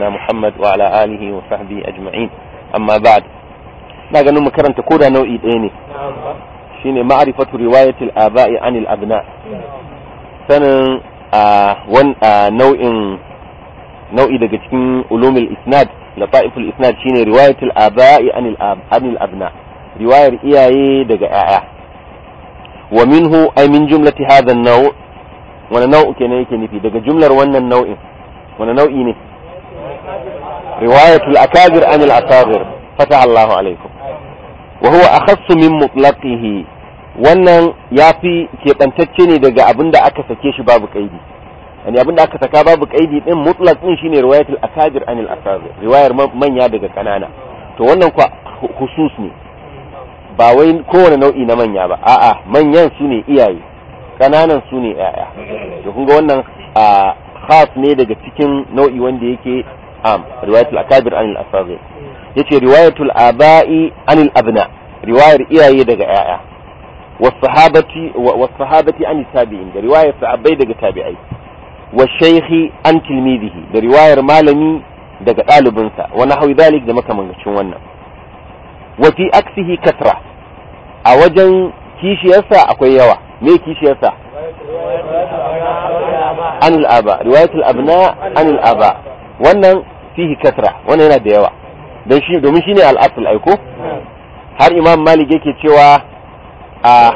نبينا محمد وعلى آله وصحبه أجمعين أما بعد لا ganin mu ko da nau'i ɗaya ne shine ma'rifatu riwayatil aba'i anil abna sanin a nau'in nau'i daga cikin ulumul isnad lataiful isnad shine riwayatul aba'i anil anil abna riwayar iyaye daga yaya wa minhu ay min jumlati wani nau'u kenan yake nufi daga jumlar wannan nau'in wani nau'i ne riwayatul akabir an al-asagir fata Allahu alaikum wa huwa akhassu min mutlaqihi wannan yafi keɓantacce ne daga da aka sake shi babu kaidi yani da aka saka babu kaidi ɗin mutlaq ɗin shine riwayatul akabir an al riwayar manya daga kanana to wannan kwa husus ne ba wai kowane nau'i na manya ba a'a manyan su ne iyaye kananan su ne 'ya'ya to kun ga wannan a khas ne daga cikin nau'i wanda yake am riwayatul akabir anil asagir yace riwayatul aba'i anil abna riwayar iyaye daga yaya was sahabati was sahabati anil tabi'in da riwayar sahabbai daga tabi'ai wa shaykhi an tilmidihi da riwayar malami daga ɗalibinsa wani hawi dalik da makamancin wannan wafi aksihi katra a wajen kishiyarsa akwai yawa me kishiyarsa an al'aba abna an aba. wannan fihi kasra wannan yana da yawa don shi domin shine al-asl aiko har imam malik yake cewa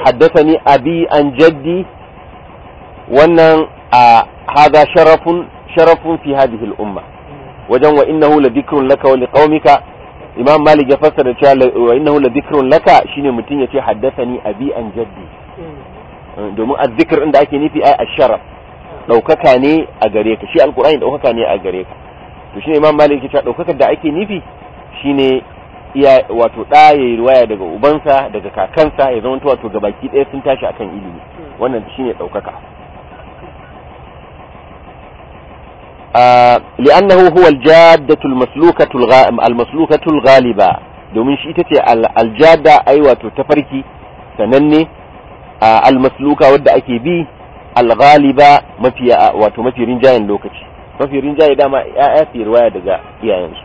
haddathani abi an jaddi wannan hada sharafun sharafun fi hadhihi al-umma wajen wa innahu la dhikrun laka wa liqaumika imam malik ya fassara cewa wa innahu la dhikrun laka shine mutun yace haddathani abi an jaddi domin azzikr inda ake nufi ai asharaf daukaka ne a gare ka shi alqur'ani daukaka ne a gare ka to shine imam malik yake cewa daukakar da ake nufi shine iya wato da yi riwaya daga ubansa daga kakansa ya zama wato ga baki ɗaya sun tashi akan ilimi wannan shine daukaka huwa هو الجادة المسلوكة المسلوكة الغالبة domin shi ita ce aljada ai wato tafarki sananne almasluka wadda ake bi alghaliba mafi wato mafi rinjayen lokaci mafi rinjaye dama ya'ya fi riwaya daga iyayensu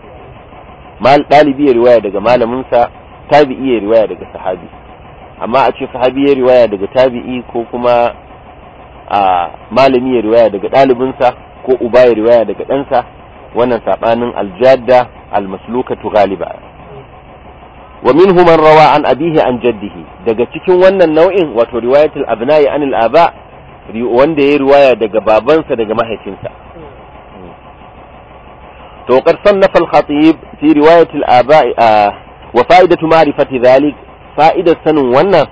dalibi ya riwaya daga malaminsa tabi'i ya riwaya daga sahabi amma a ce sahabi ya riwaya daga tabi'i ko kuma a malami ya riwaya daga ɗalibinsa ko uba ya riwaya daga ɗansa wannan saɓanin aljadda almaslukatu galiba wa minhu man rawa an abihi an jaddihi daga cikin wannan nau'in wato riwayatul abna'i anil aba wanda ya riwaya daga babansa daga mahaifinsa to qad na al-khatib fi riwayat al-aba'i ah, wa fa'idatu ma'rifati zalik fa'idar sanin wannan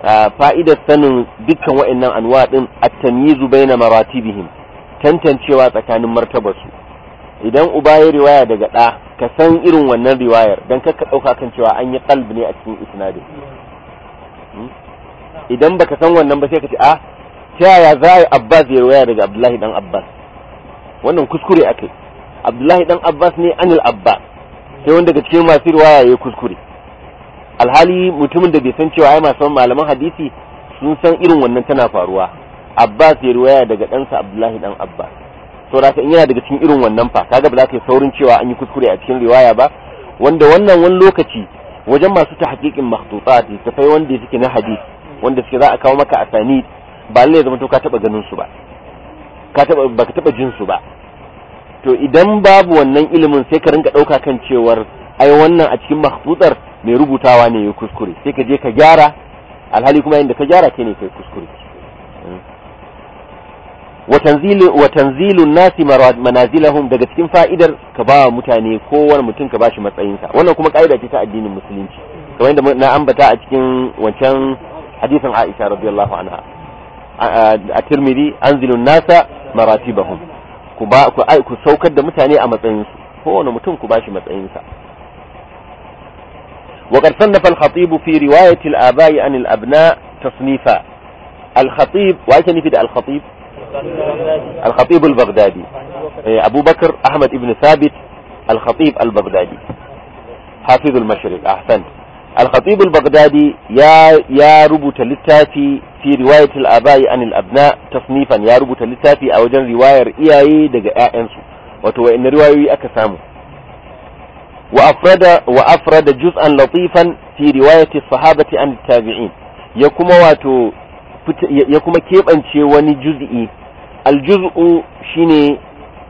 ah, fa'idar sanin dukkan wa'annan anwa din at-tamyizu baina maratibihim tantancewa tsakanin martabarsu idan uba ya riwaya daga ɗa ka san irin wannan riwayar don kakka ɗauka kan cewa an yi qalb ne a cikin isnadin hmm? idan baka san wannan ba sai ka ce a ah, ta yaya za a yi abbas ya riwaya daga abdullahi dan abbas wannan kuskure akai abdullahi dan abbas ne anil Abba sai wanda daga cikin masu riwaya ya kuskure alhali mutumin da bai san cewa ai masu malaman hadisi sun san irin wannan tana faruwa abbas ya riwaya daga ɗansa abdullahi dan abba saboda in yana daga cikin irin wannan fa kaga ba za ka yi saurin cewa an yi kuskure a cikin riwaya ba wanda wannan wani lokaci wajen masu ta haƙiƙin ta fai wanda suke na hadisi wanda suke za a kawo maka asani ba lalle zama to ka taba ganin su ba ka taba ka taba jin su ba to idan babu wannan ilimin sai ka rinka ɗauka kan cewar ai wannan a cikin mahfutsar mai rubutawa ne ya kuskure sai ka je ka gyara alhali kuma yadda ka gyara ke ne kai kuskure wa tanzilun nasi manazilahum daga cikin fa'idar ka ba mutane kowane mutum ka bashi matsayinsa wannan kuma ka'ida ce ta addinin musulunci kamar yadda na ambata a cikin wancan hadisin Aisha radiyallahu anha a Tirmidhi anzilun nasa maratibahum ku ba ku ai ku saukar da mutane a matsayin su ko wani mutum ku bashi matsayin sa wa qad sannafa al-khatib fi riwayat al-aba'i an al-abna tasnifa al-khatib wa ake nufi da al-khatib al-khatib al-baghdadi Abu Bakr Ahmad ibn Thabit al-khatib al-baghdadi hafiz al-mashriq ahsanta al-khatib ya rubuta littafi fi riwayat al-abai an tasnifan ya rubuta littafi a wajen riwayar iyaye daga ƴaƴansu wato wa'in riwayoyi aka samu wa afrada wa afrada juz'an latifan fi riwayat as-sahabati an tabi'in ya kuma wato ya kuma kebance wani juz'i al-juz'u shine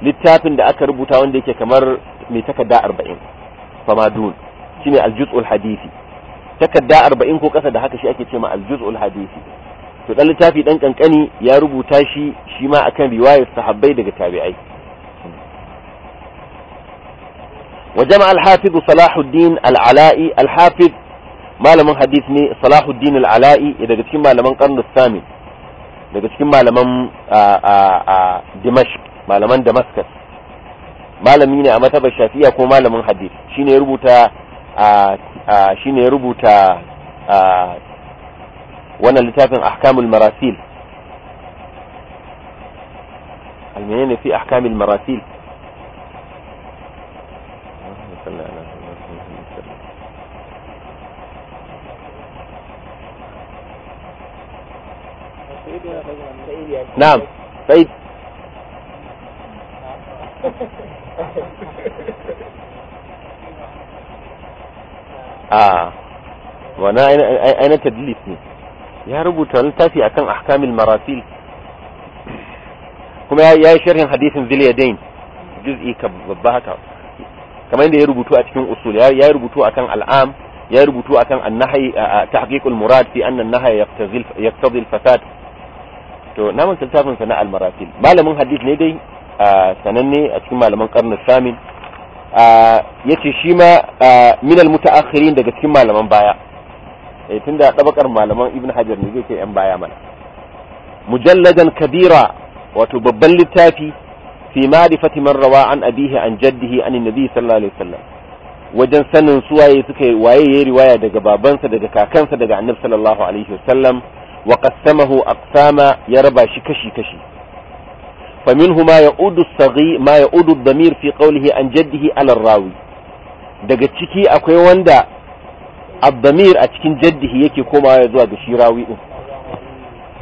littafin da aka rubuta wanda yake kamar mai takarda 40 famadun shine al-juz'ul hadisi takarda arba'in ko kasa da haka shi ake ce ma aljuz'ul hadisi to dan littafi dan kankani ya rubuta shi shi ma akan riwayar sahabbai daga tabi'ai wa jama al-hafiz Salahuddin al-Ala'i al-hafiz malamin hadith ne Salahuddin al-Ala'i daga cikin malaman qarnus sami daga cikin malaman a Dimashq malaman Damascus malami ne a matabar Shafi'a ko malamin hadith shine ya rubuta shi ne rubuta wannan littafin ahkamul marasil almene ne fi ahkamul marasil na'am sai a wana aina tadlis ne ya rubuta littafi akan ahkamil marasil kuma ya yi sharhin hadisin zilyadain juz'i ka babba haka kamar yadda ya rubutu a cikin usul ya rubutu akan al'am ya rubutu akan annahi tahqiqul murad fi anna annahi yaqtazil yaqtazil fasad to namun littafin sana al marasil malamin hadis ne dai sananne a cikin malaman karnin samin yace shi ma minal mutaakhirin daga cikin malaman baya eh tunda tabakar malaman ibn hajar ne zai ce yan baya mana mujalladan kabira wato babban littafi fi ma'rifati man rawa an abihi an jaddihi an annabi sallallahu alaihi wasallam wajen sanin su waye suka waye yayi riwaya daga babansa daga kakansa daga annabi sallallahu alaihi wasallam wa qassamahu aqsama ya raba shi kashi kashi فمنه ما يعود الصغير ما يعود الضمير في قوله عن جده على الراوي daga ciki akwai wanda abdamir a cikin jaddihi yake komawa zuwa ga shi rawi din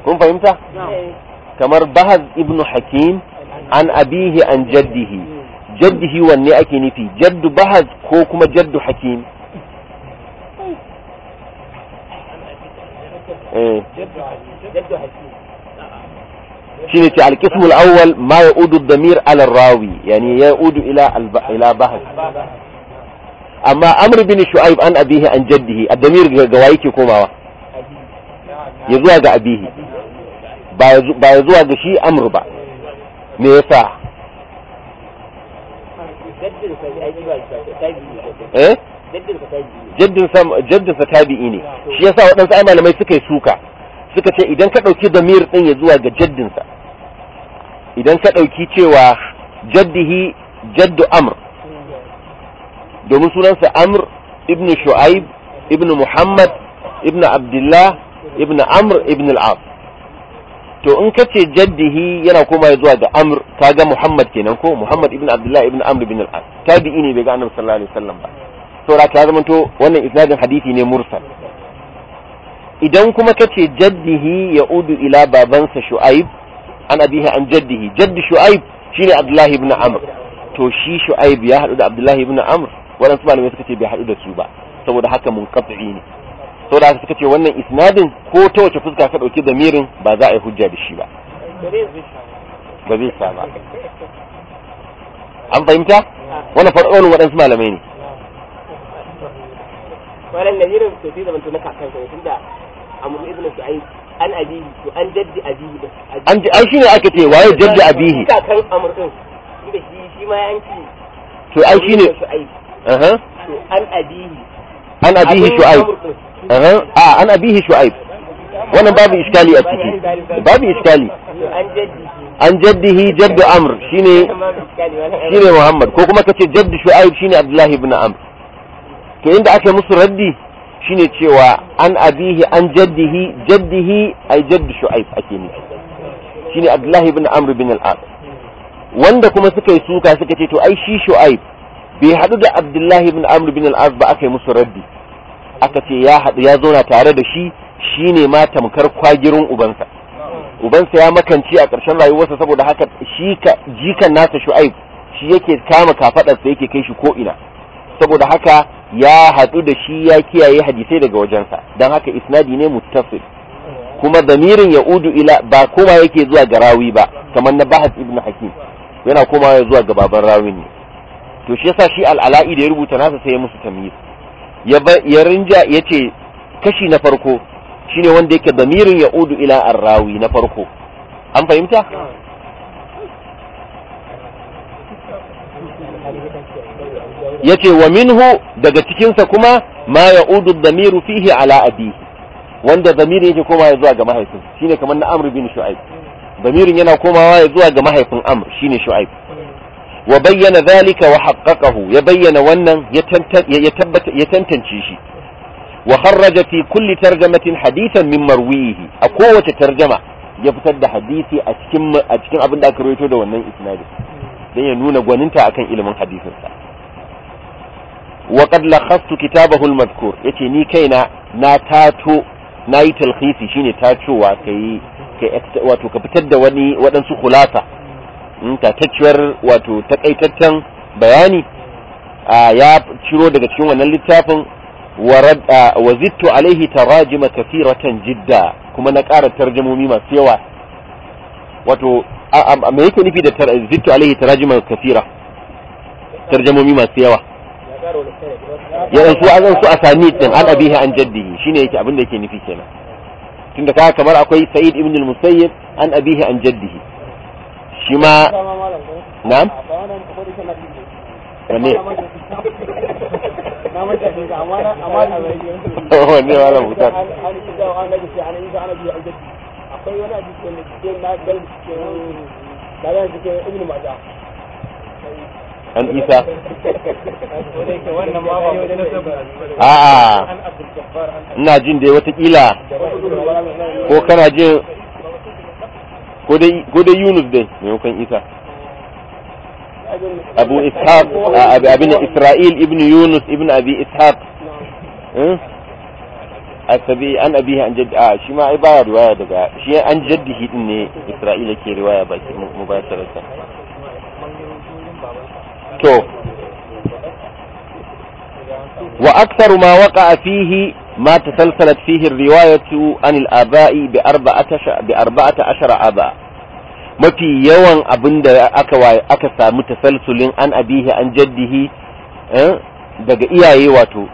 kun fahimta kamar bahaz ibn hakim an abihi an jaddihi jaddihi wanne ake nufi jaddu bahaz ko kuma jaddu hakim eh jaddu hakim shine ce alqism al-awwal ma ya'udu ad-damir alarrawi. yani ya'udu udu ila bahth amma amr bin shu'aib an abihi an jaddihi ad-damir ga waye ke komawa ya zuwa ga abihi ba ya zuwa ga shi amr ba me yasa eh jaddin sa tabi'i ne shi yasa waɗansu ai malamai suka yi suka suka ce idan ka ɗauki damir ɗin ya zuwa ga jaddinsa idan ka ɗauki cewa jaddihi jaddu amr domin sunansa amr ibn shu'aib ibn muhammad ibn abdullah ibn amr ibn al'as to in ka ce jaddihi yana koma zuwa ga amr ka ga muhammad kenan ko muhammad ibn abdullah ibn amr ibn al'as tabi'i ne bai ga annabi sallallahu alaihi wasallam ba saboda ta zama to wannan isnadin hadisi ne mursal idan kuma ka ce jaddihi ya udu ila babansa shu'aib an abihi an jaddihi jaddi shu'aib shine abdullahi ibn amr to shi shu'aib ya hadu da abdullahi ibn amr waɗansu malamai suka ce bai hadu da su ba saboda haka mun kafi ne saboda haka suka ce wannan isnadin ko ta wace fuska ka dauki mirin ba za a yi hujja da shi ba ba zai sa ba an fahimta wannan farɗon waɗansu malamai ne wannan da irin sosai tunda amr ibn shu'aib an abihi to an jaddi abihi an ji ai shine ake ce waye jaddi abihi kakan amr din inda shi shi ma yanki to ai shine aha to an abihi an abihi shu'aib aha a an abihi shu'aib wannan babu iskali a ciki babu iskali an jaddi an jaddihi jaddu amr shine shine muhammad ko kuma kace jaddu shu'aib shine abdullahi ibn amr to inda ake musu raddi shine cewa an abihi an jaddihi jaddihi ay jadd shu'aib ake nufi shine abdullahi ibn amr bin al-as wanda kuma suka yi suka suka ce to ai shi shu'aib bai hadu da abdullahi ibn amr bin al-as ba aka yi musu raddi aka ce ya hadu ya zauna tare da shi shine ma tamkar kwagirin ubansa ubansa ya makanci a ƙarshen rayuwarsa saboda haka shi ka jikan nasa shu'aib shi yake kama kafadarsa yake kai shi ko ina saboda haka ya haɗu da shi ya kiyaye hadisai daga wajensa don haka isnadi ne muttasil kuma damirin ya udu ila ba koma yake zuwa ga rawi ba kamar na bahas ibn hakim yana ya zuwa ga baban rawin ne to shi yasa shi al'ala'i da ya rubuta nasa sai ya musu tamyiz ya rinja ya ce kashi na farko shine wanda yake damirin ya udu ila rawi na farko an fahimta yace wa minhu daga cikinsa kuma ma udu dhamiru fihe ala abihi wanda dhamiri yake komawa zuwa ga mahaifin ne kamar na amr bin shu'aib dhamirin yana komawa zuwa ga mahaifin amr ne shu'aib wa bayyana zalika wa haqqaqahu ya bayyana wannan ya ya tantance shi wa kharraja fi kulli tarjamatin hadithan min marwihi a kowace tarjama ya fitar da hadisi a cikin a cikin abin da aka rawaito da wannan isnadin dan ya nuna gwaninta akan ilimin hadisin sa wa qad lakhastu kitabahu al-madhkur yace ni kaina na tato nayi talkhisi shine tacowa kai kai wato ka fitar da wani wadansu khulasa in hmm, tacciyar wato takaitaccen bayani ya ciro daga cikin wannan littafin wa zittu alayhi tarajima kaseeratan jidda kuma na ƙara tarjumomi masu yawa wato me yake nufi da zittu alayhi tarajima kaseera tarjumomi masu yawa yaran su azan su a sami din an abihi an jaddihi shine yake abin da yake nufi kenan tunda kaga kamar akwai sa'id ibn al-musayyib an abihi an jaddihi shi ma na'am wani wanne wala mutan akwai wani abin da ke na galibin da zai ibn majah an isa a'a ina jin dai watakila ko kana jin ko dai yunus dai maimakon isa abu ishaq abin isra'il ibn yunus ibn abi ishaq eh? asabi an abi an jaddi a shi ma ai baya riwaya daga shi an jaddi hidin ne isra'ila ke riwaya baki tarasa. to wa aksaru ma waka fihi ما an فيه الرواية عن الآباء bi عشر aba mafi yawan abin da aka samu tasalsulin an abihi an jaddihi eh, daga iyaye wato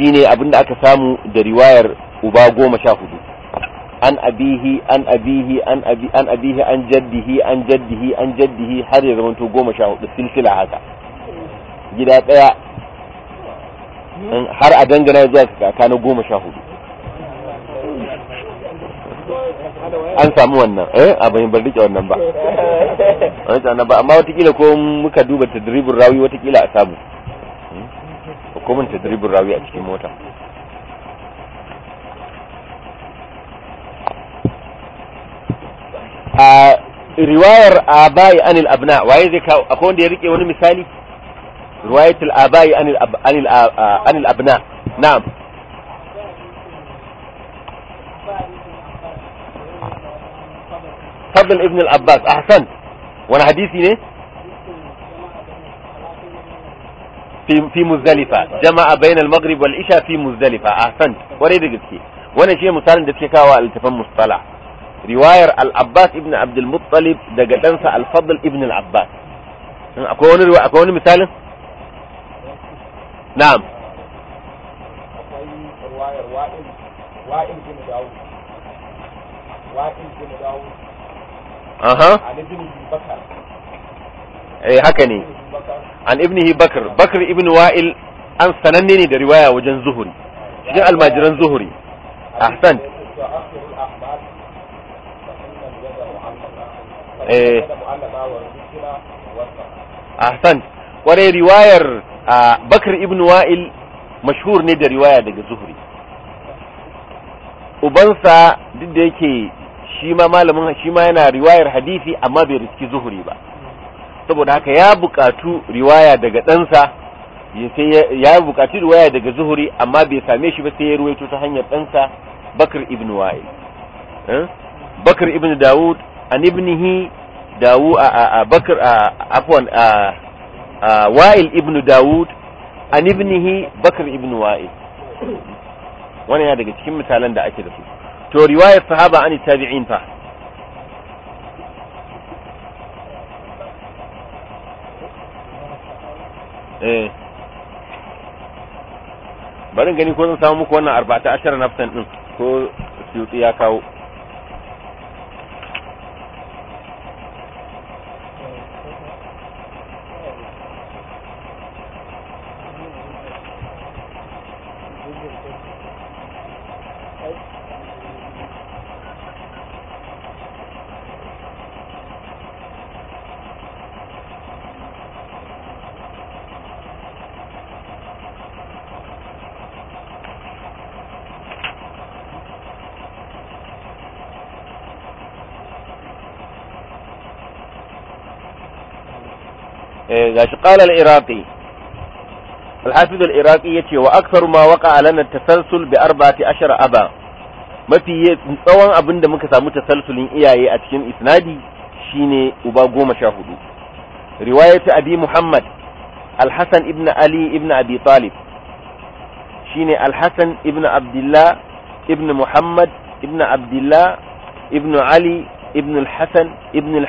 shine abin da aka samu da riwayar uba goma sha hudu an abihi an abihi an abi an abihi an jaddihi an jaddihi an jaddihi har ya zama to goma sha hudu silsila haka gida daya har a dangana zuwa kaka na goma sha hudu an samu wannan eh a bar barrike wannan ba wani tsana ba amma watakila ko muka duba tadribin rawi watakila a samu hukumin hmm? tadribin rawi a cikin mota riwayar abai anil abna waye zai kawo akwai wanda ya rike wani misali riwayatul abai anil anil anil abna na'am fadl ibn al-abbas ahsan wani hadisi ne في في مزدلفة جمع بين المغرب والعشاء في مزدلفة أحسنت وريد قلت wannan shi misalin da suke kawo a littafin mustala riwayar al-abbas ibn abdul muttalib daga ɗansa al-fadl ibn al-abbas akwai wani riwaya akwai wani misalin na'am akwai aha an ibn bakar eh haka ne an ibnihi bakr bakr ibn wa'il an sananne ne da riwaya wajen zuhuri jin almajiran zuhuri ahsan eh ahsan kware riwayar bakr ibn wa'il mashhur ne da riwaya daga zuhri ubansa duk da yake shi ma malamin shi ma yana riwayar hadisi amma bai riski zuhri ba saboda haka ya bukatu riwaya daga ɗansa ya bukatu riwaya daga zuhri amma bai same shi ba sai ya ruwaito ta hanyar ɗansa bakar ibn wa'il eh? bakar ibn dawud an ibnihi dawu a bakar afwan wa'il ibn dawud an ibnihi bakar ibn wa'il wani yana daga cikin misalan da ake da su to riwayar sahaba an tabi'in fa eh barin gani ko zan samu muku wannan arba'ata ashara nafsan din ko suyuti ya kawo Eh, gashi qala al-iraqi al-hafiz al-iraqi yace wa aktharu ma waqa lana tasalsul bi 14 aba mafi tsawon abin da muka samu tasalsulin iyaye a cikin isnadi shine uba goma sha 14 riwayatu abi muhammad al-hasan ibn ali ibn abi shine al ibn abdullah ibn muhammad ibn abdullah ibn ali ibn al ibn al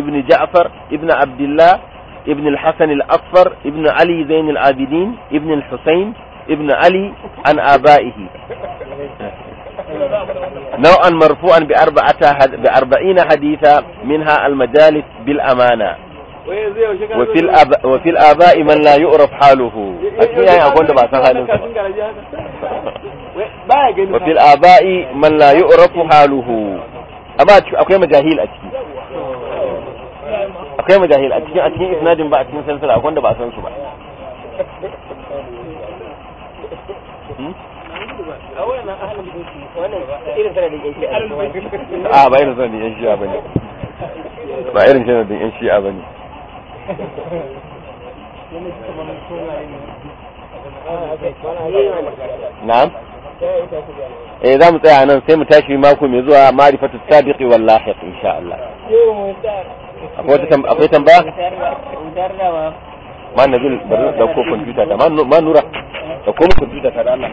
ibn ja'far ibn abdullah ابن الحسن الأصفر ابن علي زين العابدين ابن الحسين ابن علي عن آبائه نوعا مرفوعا بأربعة بأربعين حديثا منها المجالس بالأمانة وفي, الأب وفي الآباء من لا يعرف حاله يعني وفي الآباء من لا يعرف حاله أما أكيد مجاهيل أكيد akwai majahil a cikin a cikin isnadin ba a cikin sansara akwai wanda ba a san su ba hmm? a ba irin sanadin yan shi'a bane ba irin sanadin yan shi'a bane na'am eh za mu tsaya nan sai mu tashi mako mai zuwa ma'rifatu sabiqi wal lahiq insha Allah akwai tambaya ma nazil bari da ko kwamfuta ta ma nura da ko kwamfuta ta da Allah